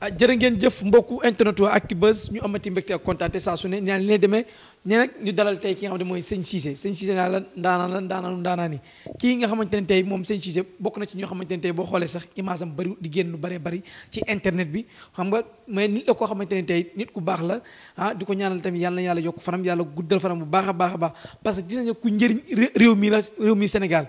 Ah, jërë ngeen jëf mbokku internet waa Actubuzz ñu amati mbégte ak kontaante su ne ñaan li ne demee ne nag ñu dalal tey ki nga xamante mooy sëñ Cissé sëñ Cissé naa la ndaanaan la ndaanaanu ndaanaan yi kii nga xamante ne tey moom sëñ Cissé bokk na ci ñoo xamante ne tey boo xoolee sax image am bëri di génn lu bëree bëri ci internet bi xam nga mais nit la koo xamante ne tey nit ku baax la ah di ko tamit yàlla a a baax parce que nañ la réew mi Sénégal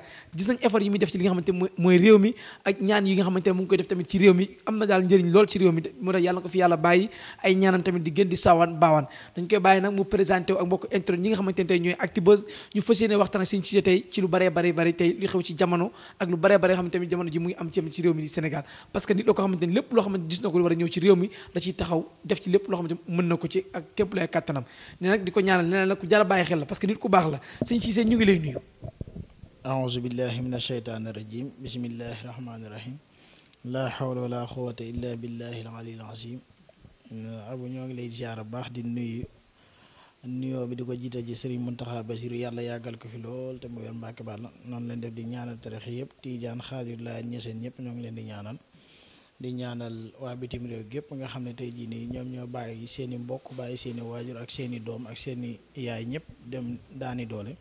effort yi muy def ci li nga xamante ne mooy réew mi ak ñaan yi nga xamante ne mu ngi koy def tamit ci réew mi am na daal njëriñ lool ci réew mi moo tax yàlla ko fi yàlla bàyyi ay ñaanam tamit di gën di saawaan baawaan dañ koy bàyyi nag mu présenté ak mbokk internet ñi nga xamante ne tey ñooy Actubuzz ñu fas yéene waxtaan ak seen sujet tey ci lu baree baree bari tey li xew ci jamono ak lu baree baree xam tamit jamono ji mu ngi am ci réew mi di Sénégal parce que nit la ko xamante ne lépp loo xamante gis na ko lu war a ñëw ci réew mi da ciy taxaw def ci lépp loo xamante mën na ko ci ak képp lay kàttanam ne nag di ko ñaanal ne nag ku jar a bàyyi xel la parce que nit ku baax la sëñ Cissé ñu ngi lay nuyu aouzu billahi min asheytaan irajim bismillahi rahmaani rahim la hawla wala quwata di nuyu nuyoo bi di ko jiital ci Serigne Mountakha Bassirou yàlla yàggal ko fi lool te mu wér Mbàkke baal noonu leen def di ñaanal tarex yëpp Tiijaan Xaadir Laay ñeseen ñëpp ñoo ngi leen di ñaanal di ñaanal waa bitim réew gépp nga xam ne tey jii nii ñoom ñoo bàyyi seeni i mbokk bàyyi seen waajur ak seeni doom ak seen yaay ñëpp dem daani doole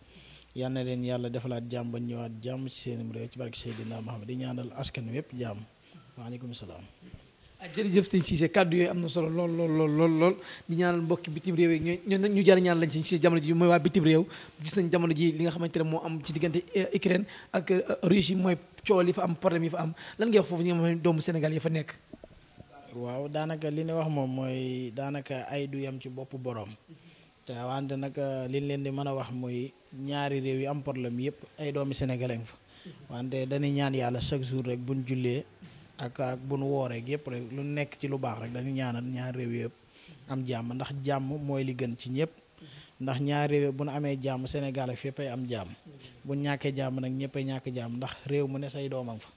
yal na leen yàlla defalaat jàmm ba ñëwaat jàmm ci seenim réew ci barke Seydina Muhammad di ñaanal askan wépp jàmm waaleykum salaam Ah, jërëjëf sëñ Cissé kàddu yooyu am na solo lool lool lool lool lool di ñaanal mbokki bitim réew yi ñoo ñu jaar ñaan lañ sëñ Cissé jamono ji mooy waa bitim réew gis nañ ji li nga xamante ne moo am ci eh, eh, mooy coow li fa am yi fa am lan ngay wax foofu ñi nga ne doomu Sénégal yi nekk waaw daanaka li ñu wax moom mooy daanaka ay du yam ci boppu boroom te wante nag eh, liñ leen di mën a wax mooy ñaari réew yi am problème yëpp ay doomi sénégalais fa yàlla chaque jour rek buñ jullee ak ak bu nu wooree yëpp rek lu nekk ci lu baax rek dañu ñaanal ñaar réew yëpp am jàmm ndax jàmm mooy li gën ci ñëpp ndax ñaar réew bu nu amee jàmm Sénégal ak fépp ay am jàmm bu ñàkkee jàmm nag ñëpp ñàkk jàmm ndax réew mu ne say doomam fa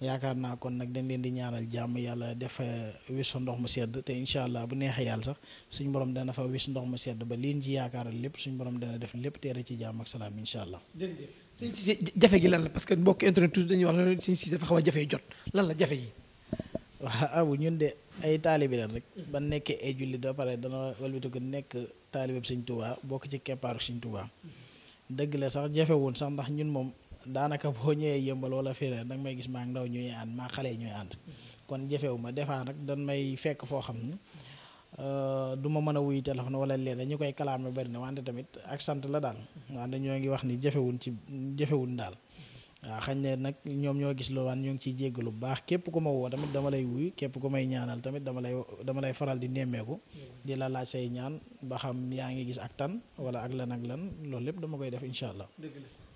yaakaar naa kon nag dañ leen di ñaanal jàmm yàlla def eh, wis sa ndox mu sedd te incha allah bu neexee yàlla sax suñu borom dana fa wis ndox mu sedd ba liñ ci yaakaaral lépp suñ borom dana def lépp teere ci jàmm ak salaam incha allah. jafe gi lan la parce que mbokk internet tous dañuy a jafe jot lan la jafe yi. waaw abu ñun de ay taalibi lan rek. ba nekkee ay julli da pare dana walbati ko nekk taalibeeb sëñ Tuubaa bokk ci keppaaru sëñ Tuubaa dëgg la sax jafe woon sax ndax ñun moom daanaka boo ñëwee yëmbal la feneen danga may gis maa ngi ndaw ñuy ànd maa xale yi ñuy ànd kon jëfewu ma des fois nag dan may fekk foo xam ni euh, duma mën a wuyu téléphone wala leen ñu koy kalaame bari na wante tamit ak sant la daal wante ñoo ngi wax ni jëfewun ci jëfewun daal waaw xañ ne nag ñoom ñoo gis loolu waan ñoo ngi ciy jéggalu bu baax képp ku ma woo tamit dama lay wuy képp ku may ñaanal tamit dama lay dama lay faral di nemmeeku di la laaj say ñaan ba xam yaa ngi gis ak tan wala ak lan ak lan loolu lépp dama koy def incha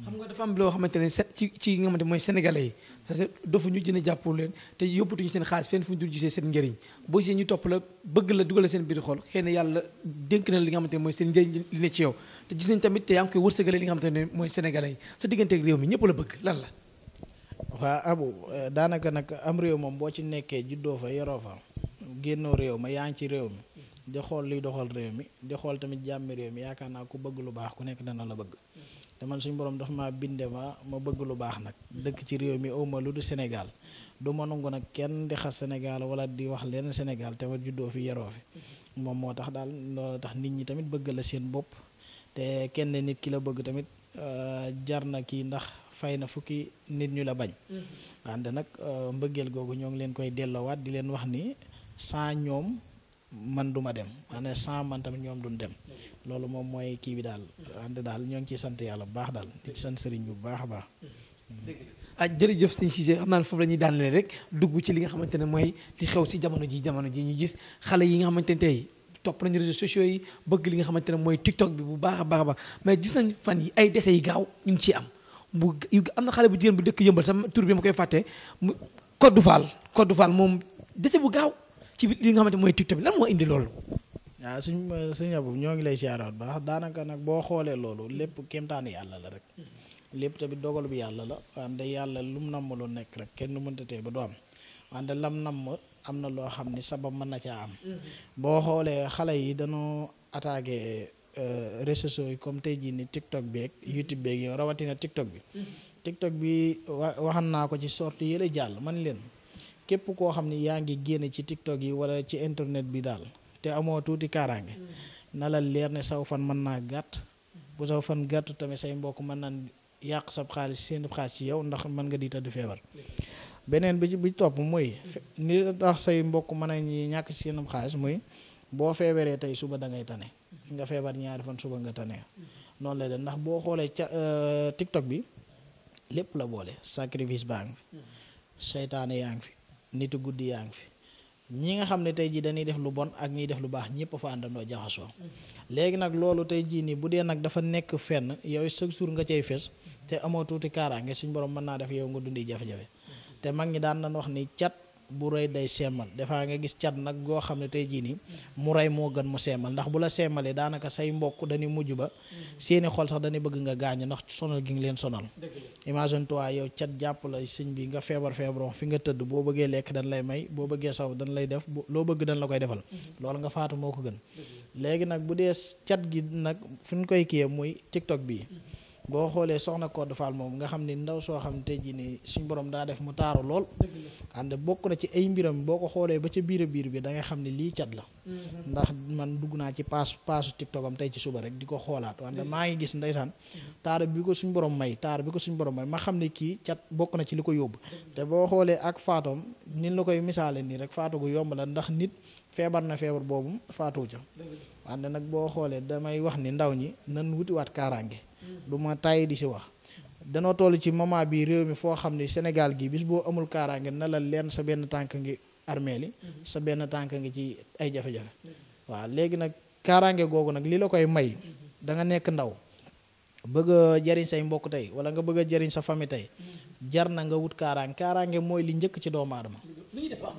xam nga dafa am loo xamante ne ci ci nga xamante mooy sénégalais yi parce que dafa ñu jënd jàppoo leen te yóbbatuñu seen xaalis fenn fu ñu dul gisee seen njëriñ boo gisee ñu topp la bëgg la dugal seen biir xol xëy na yàlla dénk na li nga xamante ne mooy seen njëriñ li ne ci yow te gis nañ tamit te yaa ngi koy wërsëgale li nga xamante ne mooy sénégalais yi sa digganteeg réew mi ñëpp la bëgg lan la waa abu daanaka nag am réew moom boo ci nekkee juddoo fa yoroo fa génnoo réew ma yaa ngi ci réew mi di xool luy doxal réew mi di xool tamit jàmmi réew mi yaakaar naa ku bëgg lu baax ku nekk dana la bëgg te man suñu borom dafa ma binde ma ma bëgg lu baax nag dëkk ci réew mi awma lu du Sénégal du ma nag kenn di xas Sénégal wala di wax leen Sénégal te war juddoo fi yaroo fi moom moo tax daal loolu tax nit ñi tamit bëgg la seen bopp te kenn nit ki la bëgg tamit euh, jar na kii ndax fay na fukki nit ñu la bañ mm-hmm. wante nag euh, mbëggeel googu ñoo ngi leen koy delloowaat di leen wax ni sans ñoom man duma dem ma ne sans man tamit ñoom duñ dem loolu moom mooy kii bi daal wante daal ñoo ngi ciy sant yàlla bu baax daal di ci sant sëriñ bu baax a baax. a ah, jërëjëf sëñ si xam naa ne foofu la ñuy daanale rek dugg ci li nga xamante ne mooy li xew si jamono ji jamono ji ñu gis xale yi nga xamante ne tey topp nañu réseaux sociaux yi bëgg li nga xamante ne mooy TikTok bi bu baax a baax a baax mais gis nañ fan yi ay dese yi gaaw ñu ngi ciy am bu am na xale bu jigéen bu dëkk yëmbal sama tur bi ma koy fàtte mu Koddu Fall Koddu moom dese bu gaaw. ci li nga xamante mooy TikTok bi lan moo indi loolu. waaw suñ suñu abu ñoo ngi lay siyaaraat baax daanaka nag boo xoolee loolu lépp kéemtaanu yàlla la rek. lépp tamit dogal bi yàlla la wante yàlla lu mu namm lu nekk rek kenn du mënta tee ba du am wante lam namm am na loo xam ni sabab mën na caa am. Mm-hmm. boo xoolee xale yi danoo attaqué euh, réseaux sociaux yi comme tey jii ni TikTok beeg YouTube beeg yow rawatina TikTok bi. Mm-hmm. TikTok bi wa waxan naa ko ci sorte yële jàll man leen. képp koo xam ni yaa ngi génne ci tiktok yi wala ci internet bi daal te amoo tuuti kaaraange mm. na la leer ne saw fan mën naa gàtt bu saw fan gàtt tamit say mbokk mën naan yàq sa xaalis seen xaalis ci yow ndax mën nga di tëdd feebar beneen bi bi topp mooy ni tax say mbokk mën a ñàkk seenu xaalis muy boo feebaree tey suba da ngay tane nga feebar ñaari fan suba nga tane mm. noonu la de ndax boo xoolee ca euh, tiktok bi lépp la boole sacrifice baa ngi mm. seytaane yaa ngi niti guddi yaa ngi fi ñi nga xam ne tey jii dañuy def lu bon ak ñiy def lu baax ñëpp fa àndandoo jaxasoo léegi nag loolu tey jii nii bu dee nag dafa nekk fenn yow chaque jour nga cay fes te amoo tuuti kaaraange suñ borom mën naa def yow nga dundi jafe-jafe te mag ñi daan nañ wax ni cat bu rey day seemal defaa nga gis cat nag goo xam ne tey jii nii mu rey moo gën mu seemal ndax bu la seemalee daanaka say mbokk dañuy mujj ba seeni xol sax dañuy bëgg nga gaañu ndax sonal gi nga leen sonal imagine toi yow cat jàpp la sëñ bi nga feebar feebaroon fi nga tëdd boo bëggee lekk dañ lay may boo bëggee saw dañ lay def loo bëgg dañ la koy defal loolu nga faatu moo ko gën léegi nag bu dee cat gi nag fi ñu koy kiyee muy TikTok bii boo xoolee soxna Codé Fall moom nga xam ni ndaw soo xam tey jii nii suñ borom daa def mu taaru lool. ànd bokk na ci ay mbiram boo ko xoolee ba ca biir biir bi da ngay xam ne lii cat la. Mm-hmm. ndax man dugg naa ci paas paasu TikTok am tey ci suba rek di ko xoolaat. wante maa ngi gis ndeysaan taar bi ko suñ borom may taar bi ko suñ borom may ma xam ne kii cat bokk na ci li ko yóbbu. te boo xoolee ak faatoom ni la koy misaale nii rek faatu gu yomb la ndax nit feebar na feebar boobu faatu ca. wante nag boo xoolee damay wax ni ndaw ñi nan wutiwaat kaaraange. du ma tàyyi di si wax danoo toll ci moment bii réew mi foo xam ne Sénégal gi bis boo amul kaaraange na la lenn sa benn tànk ngi armée li sa benn tànk ngi ci ay jafe-jafe waaw léegi nag kaaraange googu nag li la koy may danga nekk ndaw bëgg a jariñ say mbokk tey wala nga bëgg a jariñ sa famille tey jar na nga wut kaaraange kaaraange mooy li njëkk ci doomu aadama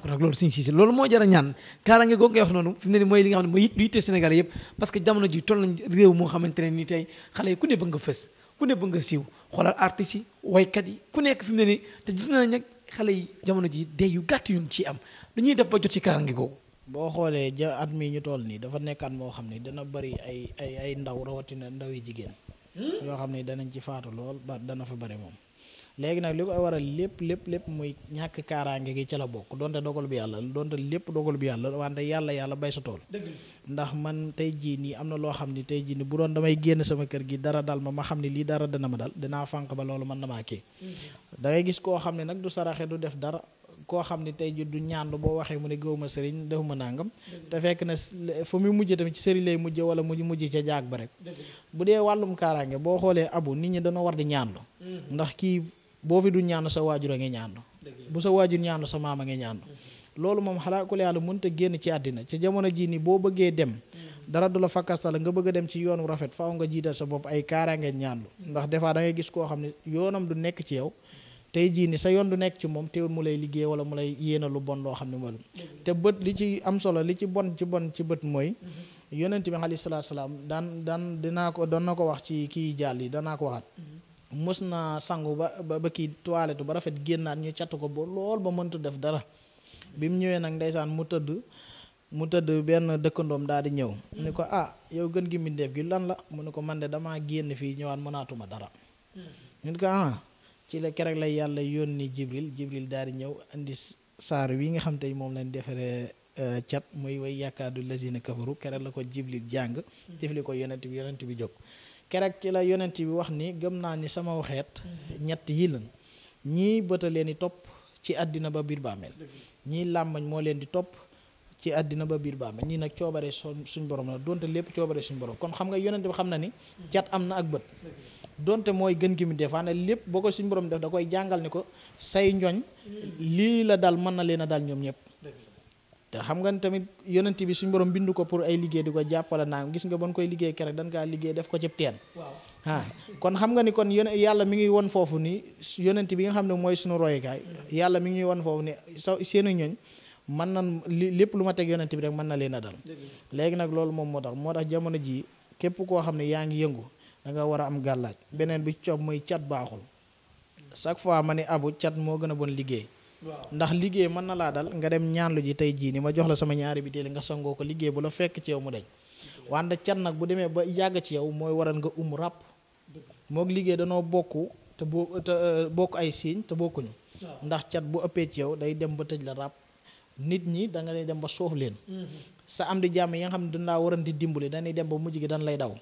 kon nag loolu Serigne Cissé loolu moo jar a ñaan kaaraange googu ngay wax noonu fi mu ne nii mooy li nga xam ne mooy lu yitte Sénégal yëpp parce que jamono ji toll ne nii tey xale nga fës ku ne bëgg yi ku nekk fi mu ne te gis na nag xale yi jamono ji dee yu gàtt yu ngi ciy am dañuy def ba ci kaaraange boo xoolee ja at mi ñu toll nii dafa nekkaat moo xam ne dana bëri ay ay ay ndaw rawatina ndaw yi jigéen hmm? yoo xam ne danañ ci faatu lool ba dana fa bari moom léegi nag li koy waral lépp lépp lépp muy ñàkk kaaraange gi ci la bokk donte dogal bi yàlla donte lépp dogal bi yàlla wante yàlla yàlla bay sa tool ndax man tey jii nii am na loo xam ni tey jii nii bu doon damay génn sama kër gi dara dal ma ma xam ne lii dara dana dal dinaa fànq ba loolu mën na maa kii mm-hmm. da gis koo xam ne nag du saraxe du def dara koo xam ne tey ji du ñaandu boo waxee mu ne gëw ma sëriñ def ma nangam te fekk na fu muy mujj tamit ci sëriñ lay mujj wala mu mujj ca jaag ba rek bu dee wàllum kaaraange boo xoolee abu nit ñi dana war di ñaandu mm-hmm. ndax kii boo fi du ñaanu sa waajur a ngi ñaanu bu sa waajur ñaanu sa maam a ngi ñaanu loolu moom xalaa ku la yàlla mënut a génn ci àddina ci jamono jii nii boo bëggee dem mm. dara du la fakkasal nga bëgg a dem ci yoonu rafet faaw nga jiital sa bopp ay kaaraange ñaanlu ndax des fois da ngay gis koo xam ne yoonam du nekk ci yow tey jii ni sa yoon du nekk ci moom teewul mu lay liggéey wala mu lay yéena lu bon loo xam ne moom te bët li ci am solo li ci bon ci bon ci bët mooy mm-hmm. yonent bi alayhi salaatu salaam daan daan dinaa ko doon na ko wax ci kii jàll yi danaa ko waxaat mm-hmm. mës naa sangu ba ba kii toilette ba rafet génnaat ñu catu ko ba lool ba mëntu def dara bi mu ñëwee nag ndeysaan mu tëdd mu tëdd benn dëkkandoom daal di ñëw ni ko ah yow gën gi mbindeef gi lan la mu ne ko man de dama génn fii ñëwaat mënaatuma dara hmm. ñu ko ah ci la kerek lay yàlla ni jibril jibril daal di ñëw indi saar wi nga xam te moom lañ defaree eh, cat muy way yaakaadu lazina kafaru kerek la ko jibril jàng tifli hmm. ko yonent bi yonent bi jóg keroog ci la yonent bi wax ni gëm naa ni sama waxeet ñett yi lan ñii bëta leen di topp ci àddina ba biir bàmmeel ñii làmbañ moo leen di topp ci àddina ba biir bàmmeel ñii nag coobare suñ borom la donte lépp coobare suñ borom kon xam nga yonent bi xam na ni jat am na ak bët donte mooy gën gi mu def waane lépp boo ko suñ borom def da koy jàngal ni ko say njoñ lii la dal mën na leen a dal ñoom ñëpp te xam nga tamit yonent bi suñu borom bind ko pour ay liggéey di ko jàppala naam gis nga bon koy liggéey kerek dañ kaa liggéey def ko ci teen kon xam nga ni kon yone yàlla mi ngi won foofu ni yonent bi nga xam ne mooy suñu royukaay yàlla mi ngi won foofu ni sa seeni ñooñ man na li lépp lu ma teg yonent bi rek mën na leen a dal léegi nag loolu moom moo tax moo tax jamono jii képp koo xam ne yaa ngi yëngu danga war a am gàllaaj beneen bi coob mooy cat baaxul chaque fois ma ne abu cat moo gën a bon liggéey ndax liggéey mën na laa dal nga dem ñaan lu ji tey jii ni ma jox la sama ñaari bitéeli nga sangoo ko liggéey bu la fekk ci yow mu deñ wante nag bu demee ba yàgg ci yow mooy waral nga um ràpp moog liggéey danoo bokk te boo te euh, bokk ay siiñ te bokkuñu ndax cat bu ëppee ci yow day dem ba tëj la ràpp nit ñi da nga dem ba soof leen mm-hmm. sa am di jàmm yi nga xam ne dañ naa waran di dimbali dañuy dem ba mujj gi dan lay daw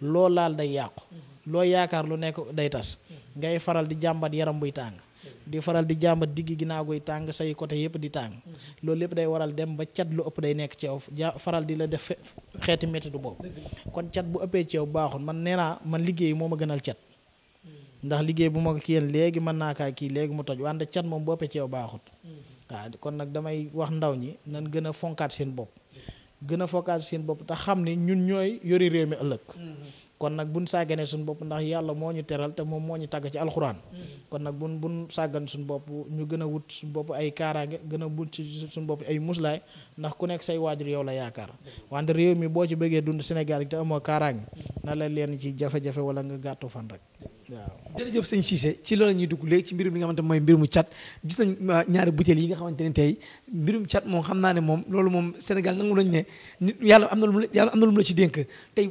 loo laal day yàqu mm-hmm. loo yaakaar lu nekk day tas mm-hmm. ngay faral di jàmbat yaram buy tàng di faral di jàmbat digg ginnaaw guy tàng say côté yëpp di tàng loolu lépp day waral dem ba cat lu ëpp day nekk ci jaa ja faral di la def xeeti métti du kon cat bu ëppee ci yow baaxul man nee naa man liggéey moom ma gënal cat ndax liggéey bu ma ko kiyeen léegi mën naa kaa kii léegi mu toj wante cat moom bu ëppee ci yow baaxut waaw kon nag damay wax ndaw ñi nan gën a fonkaat seen bopp gën a fonkaat seen bopp te xam ne ñun ñooy yori réew mi ëllëg kon nag bu buñ sàgganee suñu bopp ndax yàlla moo ñu teral te moom moo ñu tàgg ci alxuraan mm-hmm. kon nag bu buñ sàggan suñu bopp ñu gën a wut suñu bopp ay kaaraange gën a bu ci suñu bopp ay muslaay ndax ku nekk say waajur yow la yaakaar wante réew mi boo ci bëggee dund Sénégal te amoo kaaraange na la leen ci jafe-jafe wala nga gàttu fan rek jërëjëf sëñ Cissé ci loolu la ñuy dugg léegi ci mbirum li nga xamante mooy mbirum cat gis nañ ah, ñaari butéel yi nga xamante ne tey mbirum cat moom xam naa ne moom loolu moom Sénégal nangu nañ ne nit yàlla am na lu yàlla am na lu la ci dénk tey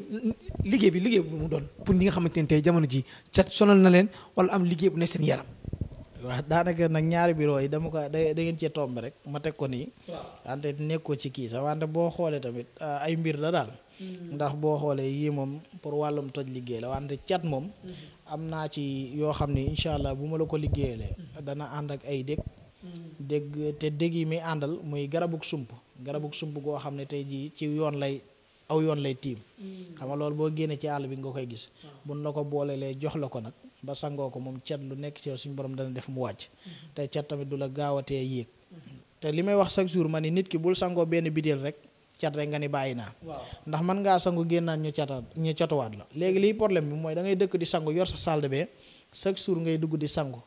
liggéey bi liggéey bu mu doon pour ñi nga xamante ne tey jamono ji cat sonal na leen wala am liggéey bu nekk seen yaram waaw daanaka nag ñaari bureau yi dama ko da ngeen cee tombe rek ma teg ko nii wante nekkoo ci kii sax wante boo xoolee tamit ah, ay mbir la daal mm-hmm. ndax boo xoolee yii moom pour wàllum toj liggéey la wante cat moom mm-hmm. am naa ci yoo xam ne incha allah bu ma la ko liggéeyalee dana ànd ak ay dég dégg te dég yi muy àndal muy garabuk sump garabuk sump goo xam ne tey jii ci yoon lay aw yoon lay tiim xam nga loolu boo génnee ci àll bi nga koy gis buñ na ko boolelee jox la ko nag ba sangoo ko moom cet lu nekk ci suñu borom dana def mu wàcc te cet tamit du la gaawatee yéeg te li may wax chaque jour ma ne nit ki bul sangoo benn bidéel rek cat rek nga ni bàyyi naa. ndax man ngaa sangu génnaat ñu cataat ñu catuwaat la léegi liy problème bi mooy da ngay dëkk di sangu yor sa salle de bain chaque jour ngay dugg di sangu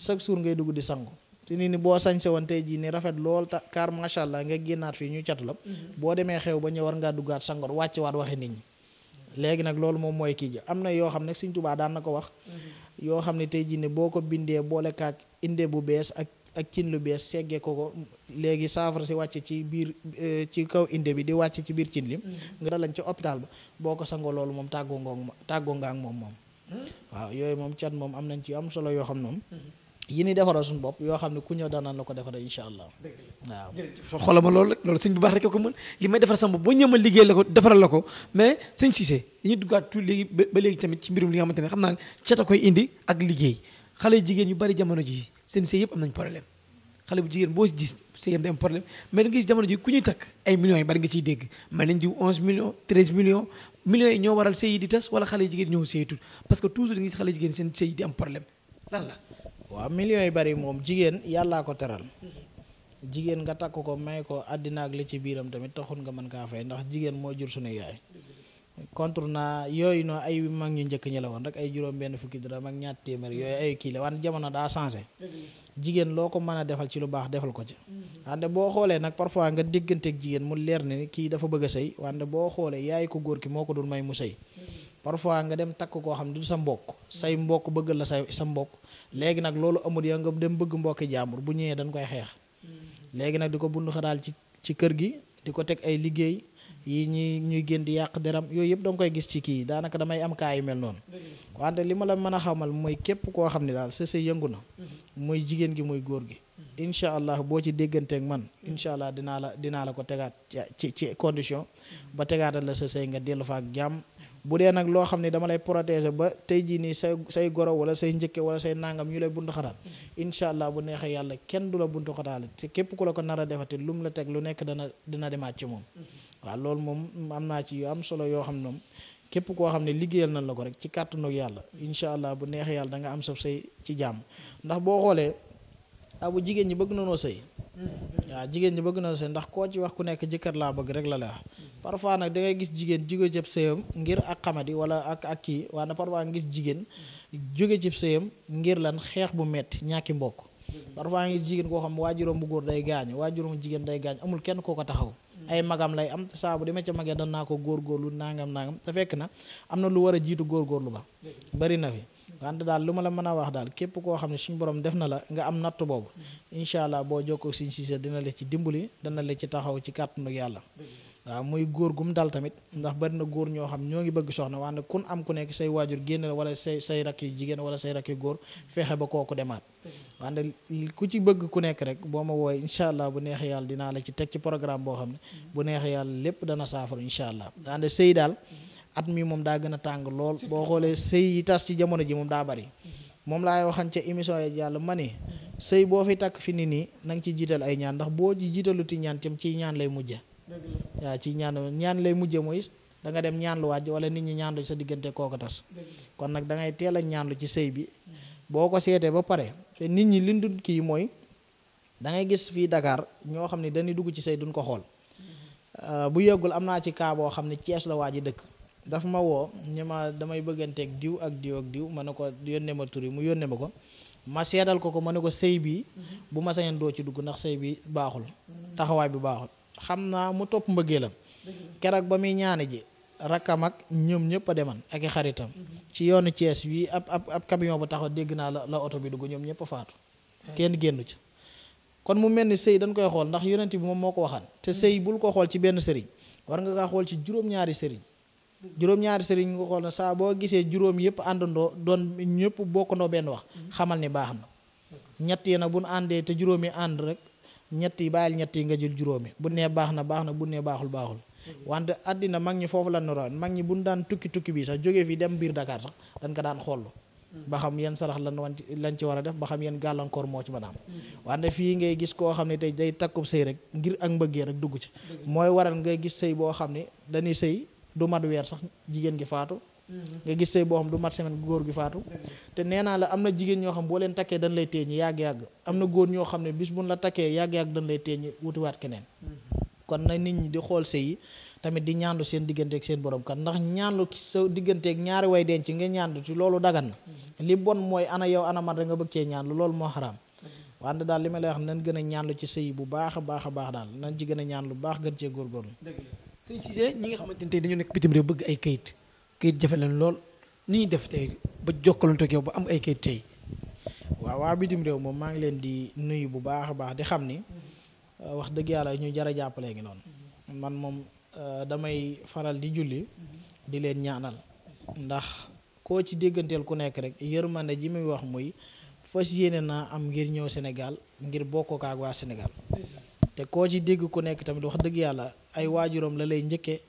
chaque jour ngay dugg di sangu te nii ni boo sañse woon tey jii ni rafet lool ta car macha allah nga génnaat fii ñu cat la. Mhm. boo demee xew ba ñëw war ngaa duggaat sangoor wàcc waat waxe nit ñi. léegi nag loolu moom mooy kii ja am na yoo xam ne Sëñ Tuubaa daan na ko wax. Mhm. yoo xam ne tey jii ne boo ko bindee boole kaak indee ak cin lu bees seggee ko ko léegi saafara si wàcc ci biir eh, ci kaw inde bi di wàcc ci biir cin li mm. nga lañ ci hôpital ba boo ko sangoo loolu moom tàggoo ngoog tàggoo nga moom moom mm. waaw yooyu moom cat moom am nañ ci am solo yoo xam ne moom yi ni defaral suñu bopp yoo xam ne ku ñëw daanaan la ko defaral insha allah waaw ma loolu loolu sëñ bu baax rek ko mën li may defar sama bopp boo ñëw ma liggéey la ko defaral la ko mais sëñ Cissé ñu duggaat tout léegi ba léegi tamit ci mbirum li nga xamante ne xam naa ne cat a koy indi ak liggéey xale jigéen ñu bari jamono ji seen sëy yëpp am nañ problème xale bu jigéen boo gis sëyam day am problème mais da gis jamono ji ku ñuy takk ay millions yi bari nga ciy dégg may nañ jiw 11 millions 13 millions millions yi ñoo waral sëy yi di tas wala xale jigéen ñoo sëyatul parce que toujours da nga gis seen sëy di am problème lan la waaw million yi bari moom jigéen yàllaa ko teral jigéen nga takk ko may ko àddina ak li ci biiram tamit taxul nga mën kaa fay ndax jigéen moo jur suñu yaay contre naa yooyu noonu ay mag ñu njëkk ñi la woon rek ay juróom benn fukki dara mag ñaat téeméer yooyu ay kii la wante jamono daa changé jigéen loo ko mën a defal ci lu baax defal ko ci mhm. wante boo xoolee nag parfois nga digganteeg jigéen mu leer ne kii dafa bëgg a sëy wante boo xoolee yaay ko góor ki moo ko dul may mu sëy mhm. parfois nga dem takk koo xam ne du sa mbokk say mbokk bëgg la sa sa mbokk léegi nag loolu amul yow nga dem bëgg mbokki jàmbur bu ñëwee dañ koy xeex mhm. léegi nag di ko bund xadaal ci ci kër gi di ko teg ay liggéey yi ñuy génn di yàq deram yooyu yëpp da nga koy gis ci kii daanaka damay am kaa yu mel noonu wante ma la mën a xamal mooy képp koo xam ne daal sa sëy yëngu na mm-hmm. jigéen gi muy góor gi mm-hmm. incha allah boo ci dégganteeg man incha allah dinaa la dinaa la ko tegaat ci ci condition mm-hmm. ba tegaatal la sa sëy nga dellu fa jàmm bu dee nag loo xam ne dama lay protéger ba tey jii nii say say goro wala say njëkke wala say nangam ñu lay buntu xataal incha bu neexee yàlla kenn du la buntu xataal te képp ku la ko nar a defati lu mu la teg lu nekk dana dina demaat ci moom waaw loolu moom am naa ci yu am solo yoo xam ne moom képp koo xam ne liggéeyal nañ la ko rek ci kàttanu ak yàlla incha allah bu neex yàlla danga am sa sëy ci jàmm ndax boo xoolee ah jigéen ñi bëgg na noo sëy jigéen ñi bëgg na noo ndax koo ci wax ku nekk jëkkër laa bëgg rek la la wax parfois nag da ngay gis jigéen jóge cib sëyam ngir ak xamadi wala ak ak kii waaye nag parfois nga gis jigéen jóge cib sëyam ngir lan xeex bu metti ñàkki mbokk parfois nga gis jigéen koo xam waajuróom bu góor day gaañu waajuróom jigéen day gaañ amul kenn koo ko taxaw ay magam lay am saa bu demee ca magee dan naa ko góorgóorlu nangam nangam te fekk na am na lu war a jiitu góorgóorlu ba bari na fi wante daal lu ma la mën a wax daal képp koo xam ne suñu borom def na la nga am natt boobu incha allah boo jokkoo siñ siise dina la ci dimbali dana la ci taxaw ci kàttanu yàlla waaw muy góor gum dal tamit ndax bari na góor ñoo xam ñoo ngi bëgg soxna wante kun am ku nekk say waajur génn la wala say say rakk yu jigéen wala say rakk yu góor fexe ba kooku demaat wante ku ci bëgg ku nekk rek boo ma wooye incha allah bu neexee yàlla dinaa la ci teg ci programme boo xam ne bu neexee yàlla lépp dana saafaru incha allah wante sëy daal at mi moom daa gën a tàng lool boo xoolee sëy yi tas ci jamono ji moom daa bari moom laay waxan ca émission yi ma ni sëy boo fi takk fi ni nii na nga ci jiital ay ñaan ndax boo ci waaw ci ñaan ñaan lay mujjee mooy da nga dem ñaanlu wàjj wala nit ñi ñaanlu sa diggante kooku tas kon nag da ngay teel a ñaanlu ci sëy bi mm. boo ko seetee ba pare te nit ñi li dul kii mooy da ngay gis fii dakaar ñoo xam ne dañuy dugg ci sëy dun ko xool mm-hmm. uh, bu yoggul am naa ci kaa boo xam ne Cees la waa ji dëkk dafa ma woo ñi ma damay bëgganteeg diw ak diw ak diw ma ne ko yónnee ma tur mu yónnee ma ko ma seetal ko ko ma ne ko sëy bi mm-hmm. bu ma sañoon doo ci dugg ndax sëy bi baaxul mm-hmm. xam naa mu topp mbëggeelam keroog ba muy ñaani ji rakkam ak ñoom ñëpp a deman ak i xaritam ci yoonu Thiès wi ab ab ab camion bu taxaw dégg naa la la oto bi dugg ñoom ñëpp a faatu kenn génn ca kon mu mel ni sëy dañ koy xool ndax yonent bi moom moo ko waxan te sëy bul ko xool ci benn sëriñ war nga kaa xool ci juróom-ñaari sëriñ juróom-ñaari sëriñ nga xool na saa boo gisee juróom yëpp àndandoo doon ñëpp bokkandoo benn wax mm-hmm. xamal ni baax na ñett yi nag bu àndee te juróomi ànd rek ñett yi bàyyil ñett yi nga jël juróomi bu nee baax na baax na bu nee baaxul baaxul wante àddina mag ñi foofu la noroon mag ñi bu buñ daan tukki tukki bii sax jóge fi dem biir Dakar sax dañ ko daan xool ba xam yan sarax lan wan lañ ci war a def ba xam yan gàllankoor moo ci manaam wante fii ngay gis koo xam ne tey day takkub sëy rek ngir ak mbëggee rek dugg ci mooy waral ngay gis sëy boo xam ne dañuy sëy du mat weer sax jigéen gi faatu nga gis sëy boo xam du mat semaine góor gi faatu te nee naa la am na jigéen ñoo xam ne boo leen takkee dañ lay téeñi yàgg-yàgg am na góor ñoo xam ne bis buñ la takkee yàgg-yàgg dañ lay téeñi wutiwaat keneen kon na nit ñi di xool sëy yi tamit di ñaandu seen digganteeg seen borom kan ndax ñaandu sa digganteeg ñaari way denc nga ñaandu ci loolu dagan na li bon mooy ana yow ana man da nga bëgg cee ñaandu loolu moo xaraam wante daal li ma lay wax nan gën ci sëy bu baax a baax a daal nan gën a ñaan lu baax gën cee góorgóorlu dëgg la sëñ Cissé ne tey dañoo bëgg ay kayit kayit jafe leen lool ni ñuy def te ba jokkalante ak ba am ay kayit tey. waaw waa bitim réew moom maa ngi leen di nuyu bu baax a baax di xam ni euh, wax dëgg yàlla ñu jar a jàppale ngi noonu man moom euh, damay faral di julli di leen ñaanal ndax koo ci dégganteel ku nekk rek yërmande ji muy wax muy fas yéene naa am ngir ñëw senegal ngir bokk waa Sénégal te koo ci dégg ku nekk tamit wax dëgg yàlla ay waajuram la lay njëkkee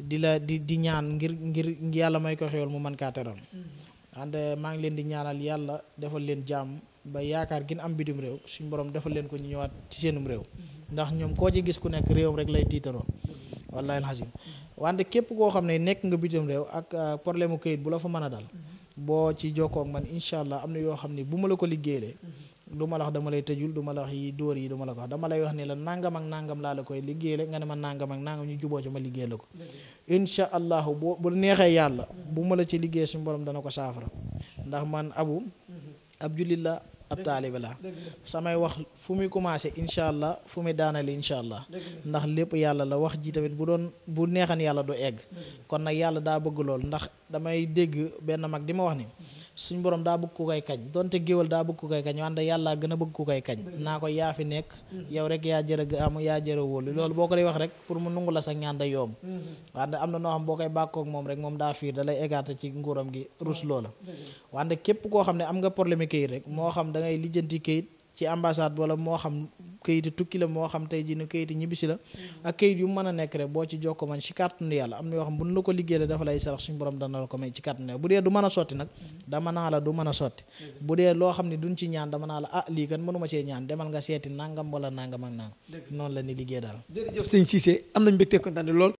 di la di di ñaan ngir ngir yàlla may ko xewal mu mën kaa teral mm-hmm. ànd maa ngi leen di ñaanal yàlla defal leen jàmm ba yaakaar gin am bitim réew suñ borom defal leen ko ñu ñëwaat ci seenum réew mm-hmm. ndax ñoom koo ci gis ku nekk réewam rek lay tiitaroo mm-hmm. wallahi alxasim wante képp koo xam ne nekk nga bitim réew ak uh, problème u bu la fa mën a dal boo ci jokkoo ak man incha allah am na yoo xam ne bu ma la ko liggéeyee du ma la wax dama lay tëjul du ma la wax yi dóor yi du ma la wax dama lay wax ni la nangam ak nangam laa la koy liggéeyal nga ne ma nangam ak nangam ñu juboo ci ma liggéey la ko incha allahu bu bu neexee yàlla bu ma la ci liggéey suñu borom dana ko saafara ndax man abu mm-hmm. ab jullit la ab taalibe la samay wax fu muy commencé incha allah fu muy daanale incha allah ndax lépp yàlla la wax ji tamit bu doon bu neexan yàlla du egg kon nag yàlla daa bëgg lool ndax damay dégg benn mag di ma wax ni mm-hmm. suñ borom daa bëgg ku koy kañ donte géwal daa bëgg ku koy kañ wante yàlla gën a bëgg ku koy kañ naa ko yaa fi nekk yow rek yaa jërë am yaa a wóolu loolu boo ko dee wax rek pour mu nungu la sa ñaan day yomb mm-hmm. wante am na noo xam boo koy bàkkoog moom daa fiir da lay ci nguuram gi rus loola mm-hmm. wante képp koo xam ne am nga problème kayit rek moo xam da lijjanti kayit ci ambassade wala moo xam këyiti tukki la moo xam tey jii ne këyiti ñibbisi la mm-hmm. ak këyit yu mën a nekk rek boo ci jokko man ci kàttanu yàlla am na yoo xam bu nu la ko liggéeyee dafa lay sarax suñu borom dana la ko may ci kàttanu yàlla bu dee du mën a sotti nag mm-hmm. dama naa la du mën a sotti mm-hmm. bu dee loo xam ne duñ ci ñaan dama naa la ah lii kan mënuma cee ñaan demal nga seeti nangam wala nangam ak nangam noonu la ni liggéey daal